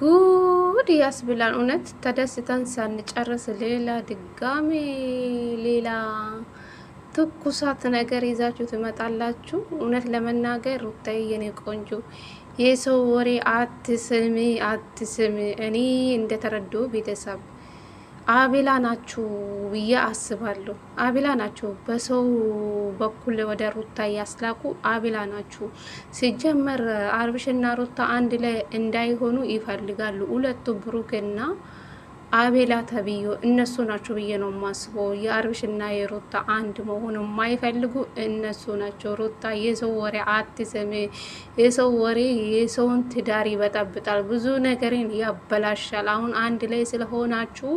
ጉድ ያስብላል። እውነት ተደስተን ሳንጨርስ ሌላ ድጋሜ ሌላ ትኩሳት ነገር ይዛችሁ ትመጣላችሁ። እውነት ለመናገር ሩታዬ፣ የኔ ቆንጆ የሰው ወሬ አትስሚ አትስሚ። እኔ እንደተረዶ ቤተሰብ አቤላ ናችሁ ብዬ አስባለሁ። አቤላ ናችሁ በሰው በኩል ወደ ሩታ ያስላኩ አቤላ ናችሁ። ሲጀመር አብርሽና ሩታ አንድ ላይ እንዳይሆኑ ይፈልጋሉ ሁለቱ ብሩክና አቤላ ተብዮ እነሱ ናቸው ብዬ ነው የማስበው። የአብርሽና የሩታ አንድ መሆኑ የማይፈልጉ እነሱ ናቸው። ሩታ የሰው ወሬ አትስሚ፣ የሰው ወሬ የሰውን ትዳር ይበጠብጣል፣ ብዙ ነገርን ያበላሻል። አሁን አንድ ላይ ስለሆናችሁ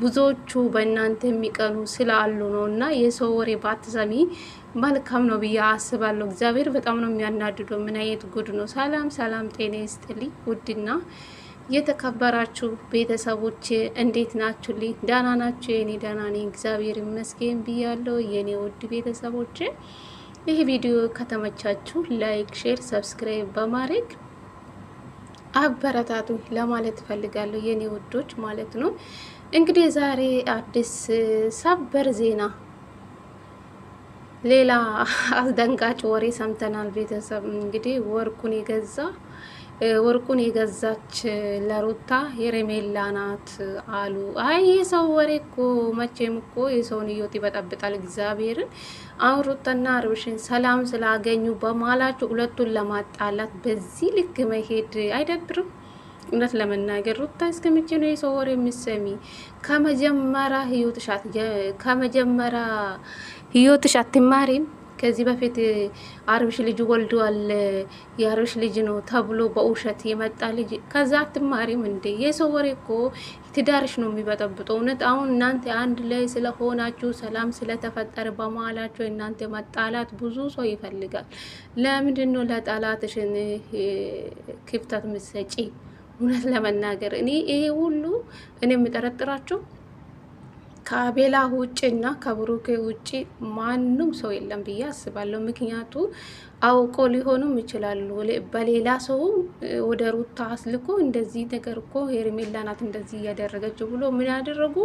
ብዙዎቹ በእናንተ የሚቀኑ ስላሉ ነው እና የሰው ወሬ ባትሰሚ መልካም ነው ብዬ አስባለሁ። እግዚአብሔር በጣም ነው የሚያናድደው። ምን አይነት ጉድ ነው! ሰላም ሰላም፣ ጤና ይስጥልኝ ውድና የተከበራችሁ ቤተሰቦች እንዴት ናችሁልኝ? ደህና ናችሁ? የኔ ደህና ነኝ እግዚአብሔር ይመስገን ብያለሁ። የኔ ውድ ቤተሰቦች ይህ ቪዲዮ ከተመቻችሁ ላይክ፣ ሼር፣ ሰብስክራይብ በማድረግ አበረታቱ ለማለት እፈልጋለሁ የኔ ውዶች ማለት ነው። እንግዲህ ዛሬ አዲስ ሰበር ዜና፣ ሌላ አስደንጋጭ ወሬ ሰምተናል። ቤተሰብ እንግዲህ ወርቁን የገዛ ወርቁን የገዛች ለሩታ የሬሜላ ናት አሉ። አይ የሰው ወሬ እኮ መቼም እኮ የሰውን ህይወት ይበጠብጣል። እግዚአብሔርን አሁን ሩታና አብርሽን ሰላም ስላገኙ በማላቸው ሁለቱን ለማጣላት በዚህ ልክ መሄድ አይደብርም? እውነት ለመናገር ሩታ እስከመቼ ነው የሰው ወሬ የምትሰሚ? ከመጀመሪያ ህይወትሽ ከመጀመሪያ ህይወትሽ አትማሪም? ከዚህ በፊት አርብሽ ልጅ ወልዷል፣ የአርብሽ ልጅ ነው ተብሎ በውሸት የመጣ ልጅ ከዛ አትማሪም እንዴ? የሰው ወሬ እኮ ትዳርሽ ነው የሚበጠብጠው። እውነት አሁን እናንተ አንድ ላይ ስለሆናችሁ ሰላም ስለተፈጠረ በመሀላችሁ እናንተ መጣላት ብዙ ሰው ይፈልጋል። ለምንድን ነው ለጠላትሽን ክፍተት ምሰጪ? እውነት ለመናገር እኔ ይሄ ሁሉ እኔ የምጠረጥራቸው ከአቤላ ውጭ እና ከብሩኬ ውጭ ማንም ሰው የለም ብዬ አስባለሁ። ምክንያቱ አውቆ ሊሆኑም ይችላሉ። በሌላ ሰው ወደ ሩታ አስልኮ እንደዚህ ነገር እኮ ሄርሜላ ናት እንደዚህ እያደረገችው ብሎ ምን ያደረጉ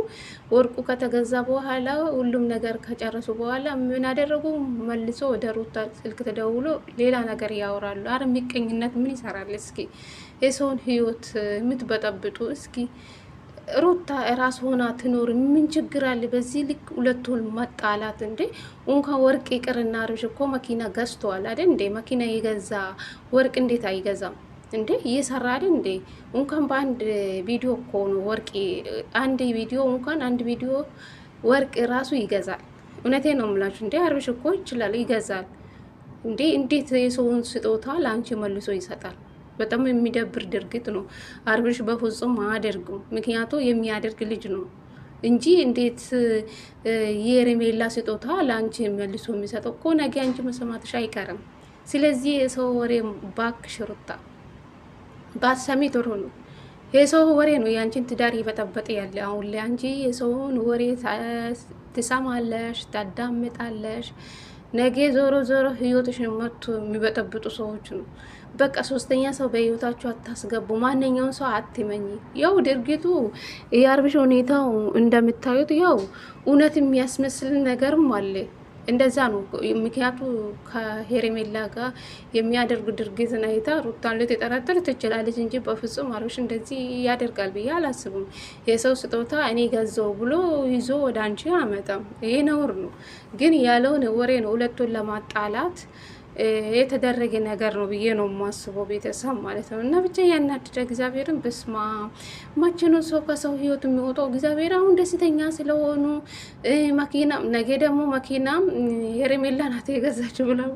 ወርቁ ከተገዛ በኋላ ሁሉም ነገር ከጨረሱ በኋላ ምን ያደረጉ መልሶ ወደ ሩታ ስልክ ተደውሎ ሌላ ነገር ያወራሉ። አረ ምቀኝነት ምን ይሰራል? እስኪ የሰውን ህይወት የምትበጠብጡ እስኪ ሩታ ራስ ሆና ትኖር ምን ችግር አለ? በዚህ ልክ ሁለቱን መጣላት እንዴ? እንኳ ወርቅ ይቅርና አብርሽ እኮ መኪና ገዝተዋል አይደል እንዴ? መኪና የገዛ ወርቅ እንዴት አይገዛም እንዴ? እየሰራ አይደል እንዴ? እንኳን በአንድ ቪዲዮ እኮ ነው ወርቅ፣ አንድ ቪዲዮ እንኳን አንድ ቪዲዮ ወርቅ ራሱ ይገዛል። እውነቴ ነው ምላችሁ እንዴ አብርሽ እኮ ይችላል፣ ይገዛል እንዴ። እንዴት የሰውን ስጦታ ለአንቺ መልሶ ይሰጣል? በጣም የሚደብር ድርጊት ነው። አብርሽ በፍጹም አያደርግም። ምክንያቱ የሚያደርግ ልጅ ነው እንጂ እንዴት የሄርሜላ ስጦታ ለአንቺ መልሶ የሚሰጠው እኮ ነገ አንቺ መሰማትሽ አይቀርም። ስለዚህ የሰው ወሬ ባክ ሩታ ባትሰሚ ጥሩ ነው። የሰው ወሬ ነው የአንቺን ትዳር እየበጠበጠ ያለ አሁን ላይ የሰውን ወሬ ትሰማለሽ፣ ታዳምጣለሽ ነገ ዞሮ ዞሮ ህይወትሽን መቶ የሚበጠብጡ ሰዎች ነው። በቃ ሶስተኛ ሰው በህይወታችሁ አታስገቡ። ማንኛውን ሰው አትመኝ። ያው ድርጊቱ የአብርሽ ሁኔታው እንደምታዩት ያው እውነት የሚያስመስል ነገርም አለ። እንደዛ ነው። ምክንያቱ ከሄሬሜላ ጋር የሚያደርጉ ድርጊት አይታ ሩታን ልትጠረጥር ትችላለች እንጂ በፍጹም አብርሽ እንደዚህ ያደርጋል ብዬ አላስብም። የሰው ስጦታ እኔ ገዛው ብሎ ይዞ ወደ አንቺ አመጣም። ይህ ነውር ነው፣ ግን ያለውን ወሬ ነው ሁለቱን ለማጣላት የተደረገ ነገር ነው ብዬ ነው የማስበው። ቤተሰብ ማለት ነው እና ብቻ ያናድደ እግዚአብሔርን በስማ ማችኑ ሰው ከሰው ህይወት የሚወጣው እግዚአብሔር አሁን ደስተኛ ስለሆኑ መኪና ነገ ደግሞ መኪና የሬሜላ ናት የገዛች ብለው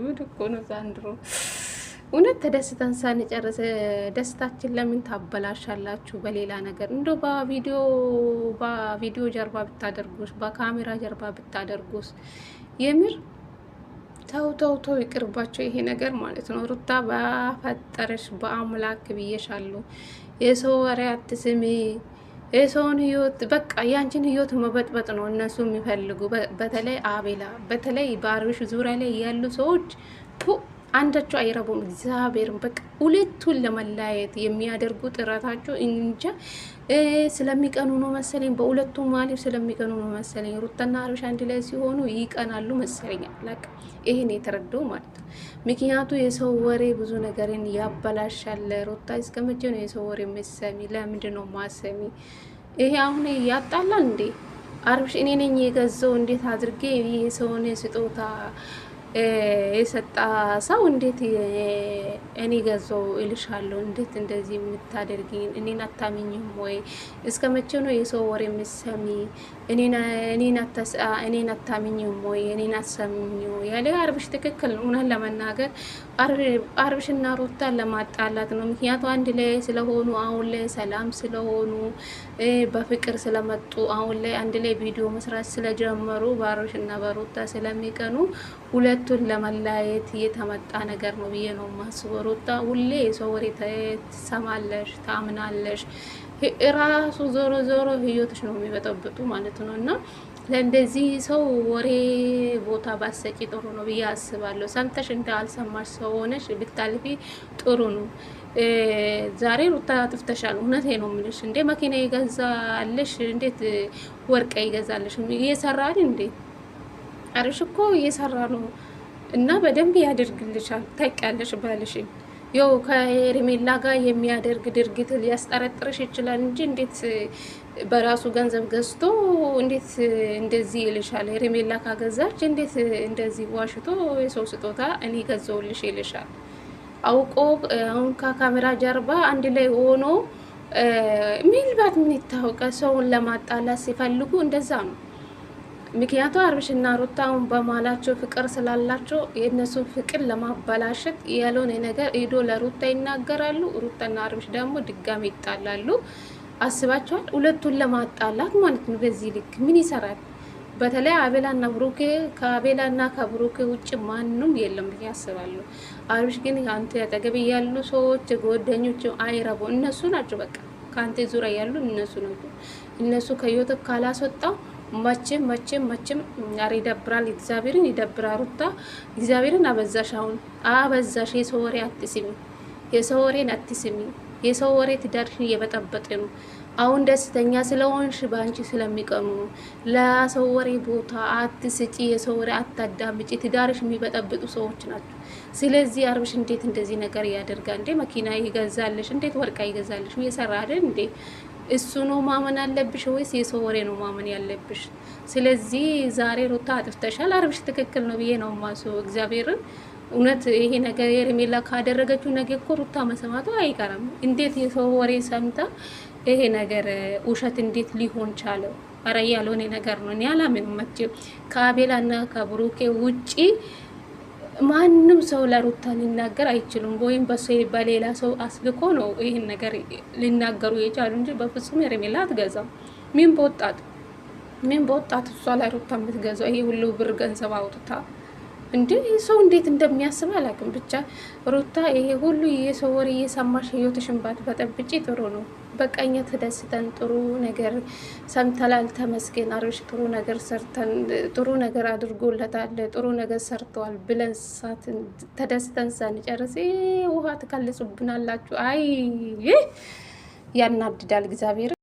ብድ እኮ ነው ዛንድሮ እውነት ተደስተን ሳንጨርስ ደስታችን ለምን ታበላሻላችሁ? በሌላ ነገር እንደ በቪዲዮ በቪዲዮ ጀርባ ብታደርጉስ፣ በካሜራ ጀርባ ብታደርጉስ የምር ተው ተው ተው ይቅርባቸው ይሄ ነገር ማለት ነው። ሩታ በፈጠረሽ በአምላክ ብዬሻለሁ። የሰው ወሬ አትስሚ። የሰውን ህይወት በቃ ያንቺን ህይወት መበጥበጥ ነው እነሱ የሚፈልጉ። በተለይ አቤላ፣ በተለይ በአብርሽ ዙሪያ ላይ ያሉ ሰዎች አንዳቸው አይረቡም። እግዚአብሔርን በቃ ሁለቱን ለመለያየት የሚያደርጉ ጥረታቸው እንጃ ስለሚቀኑ ነው መሰለኝ። በሁለቱ ማሊፍ ስለሚቀኑ ነው መሰለኝ። ሩታና አብርሽ አንድ ላይ ሲሆኑ ይቀናሉ መሰለኝ። ላቅ ይህን የተረዳው ማለት ነው። ምክንያቱ የሰው ወሬ ብዙ ነገርን ያበላሻለ። ሩታ እስከ መቼ ነው የሰው ወሬ መሰሚ ለምንድን ነው ማሰሚ? ይሄ አሁን ያጣላል እንዴ? አብርሽ እኔ ነኝ የገዛው እንዴት አድርጌ የሰውን ስጦታ የሰጣ ሰው እንዴት እኔ ገዛው እልሻለሁ? እንዴት እንደዚህ የምታደርግኝ? እኔን አታምኝም ወይ? እስከ መቼ ነው የሰው ወሬ የምሰሚ? እኔን አታምኝም ወይ? እኔን አሰምኝ ያለ አብርሽ ትክክል። እውነት ለመናገር አብርሽና ሮታ ለማጣላት ነው። ምክንያቱ አንድ ላይ ስለሆኑ አሁን ላይ ሰላም ስለሆኑ በፍቅር ስለመጡ አሁን ላይ አንድ ላይ ቪዲዮ መስራት ስለጀመሩ በአብርሽና በሩታ ስለሚቀኑ ሁለት ሁለቱን ለመለያየት የተመጣ ነገር ነው ብዬ ነው የማስበው። ሩታ ሁሌ የሰው ወሬ ትሰማለሽ፣ ታምናለሽ። ራሱ ዞሮ ዞሮ ህይወትሽ ነው የሚበጠብጡ ማለት ነው እና ለእንደዚህ ሰው ወሬ ቦታ ባሰጪ ጥሩ ነው ብዬ አስባለሁ። ሰምተሽ እንደ አልሰማሽ ሰው ሆነሽ ብታልፊ ጥሩ ነው። ዛሬ ሩታ ጥፍተሻል። እውነቴ ነው የምልሽ። እንዴ መኪና ይገዛልሽ? እንዴት ወርቅ ይገዛልሽ? እየሰራል እንዴ? አርሽ እኮ እየሰራ ነው። እና በደንብ ያደርግልሻል። ታውቂያለሽ ባልሽ ያው ከሄርሜላ ጋር የሚያደርግ ድርጊት ሊያስጠረጥርሽ ይችላል እንጂ እንዴት በራሱ ገንዘብ ገዝቶ እንዴት እንደዚህ ይልሻል? ሄርሜላ ካገዛች እንዴት እንደዚህ ዋሽቶ የሰው ስጦታ እኔ ገዘውልሽ ይልሻል? አውቆ አሁን ከካሜራ ጀርባ አንድ ላይ ሆኖ ሚልባት ምን ይታወቀ። ሰውን ለማጣላት ሲፈልጉ እንደዛ ነው። ምክንያቱ አብርሽና ሩታ አሁን ፍቅር ስላላቸው የእነሱን ፍቅር ለማበላሸት ያለውን ነገር ሄዶ ለሩታ ይናገራሉ። ሩታና አብርሽ ደግሞ ድጋሚ ይጣላሉ። አስባቸዋል። ሁለቱን ለማጣላት ማለት ነው። በዚህ ልክ ምን ይሰራል? በተለይ አቤላና ብሩኬ ከአቤላና ከብሩኬ ውጭ ማንም የለም ብዬ አስባለሁ። አብርሽ ግን አንተ ያጠገብ ያሉ ሰዎች ጓደኞች አይረቡ እነሱ ናቸው። በቃ ከአንተ ዙሪያ ያሉ እነሱ ናቸው። እነሱ ከዮት ካላስወጣው መቼም መቼም መቼም ኧረ ይደብራል። እግዚአብሔርን ይደብራል። ሩታ እግዚአብሔርን አበዛሽ፣ አሁን አበዛሽ። የሰው ወሬ አትስሚ፣ የሰው ወሬን አትስሚ። የሰው ወሬ ትዳርሽን እየበጠበጠ ነው። አሁን ደስተኛ ስለሆንሽ በአንቺ ስለሚቀኑ ለሰው ወሬ ቦታ አትስጪ፣ የሰው ወሬ አታዳምጪ። ትዳርሽ የሚበጠብጡ ሰዎች ናቸው። ስለዚህ አብርሽ እንዴት እንደዚህ ነገር ያደርጋል እንዴ? መኪና ይገዛልሽ፣ እንዴት ወርቃ ይገዛልሽ? እየሰራ አይደል እንዴ? እሱ ነው ማመን አለብሽ ወይስ የሰው ወሬ ነው ማመን ያለብሽ? ስለዚህ ዛሬ ሩታ አጥፍተሻል፣ አርብሽ ትክክል ነው ብዬ ነው ማሱ እግዚአብሔርን እውነት ይሄ ነገር የርሜላ ካደረገችው ነገ እኮ ሩታ መሰማቱ አይቀርም። እንዴት የሰው ወሬ ሰምታ ይሄ ነገር ውሸት እንዴት ሊሆን ቻለው? ኧረ ያልሆነ ነገር ነው። እኔ አላምንም መቼም ከአቤላ ከብሩኬ ውጪ ማንም ሰው ለሩታ ሊናገር አይችሉም፣ ወይም በሱ በሌላ ሰው አስልኮ ነው ይህን ነገር ሊናገሩ የቻሉ እንጂ በፍጹም ሄርሜላ አትገዛም። ምን በወጣት ምን በወጣት እሷ ለሩታ የምትገዛው ይሄ ሁሉ ብር ገንዘብ አውጥታ እንዲ ሰው እንዴት እንደሚያስብ አላውቅም። ብቻ ሩታ ይሄ ሁሉ የሰው ወሬ እየሰማሽ ህይወትሽን ባትበጠብጪ ጥሩ ነው። በቃኛ ተደስተን ጥሩ ነገር ሰምተላል። ተመስገን አብርሽ ጥሩ ነገር ሰርተን ጥሩ ነገር አድርጎለታል ጥሩ ነገር ሰርተዋል ብለን ሳትን ተደስተን ሳንጨርስ ውሃ ትከልጹብናላችሁ። አይ ያናድዳል እግዚአብሔር